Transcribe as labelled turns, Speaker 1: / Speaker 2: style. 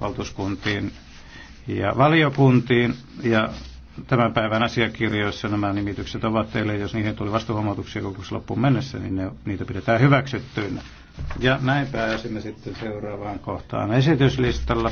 Speaker 1: valtuuskuntiin ja valiokuntiin. Ja tämän päivän asiakirjoissa nämä nimitykset ovat teille, jos niihin tuli vastahuomautuksia koko loppuun mennessä, niin ne, niitä pidetään hyväksyttyinä. Ja näin pääsemme sitten seuraavaan kohtaan
Speaker 2: esityslistalla.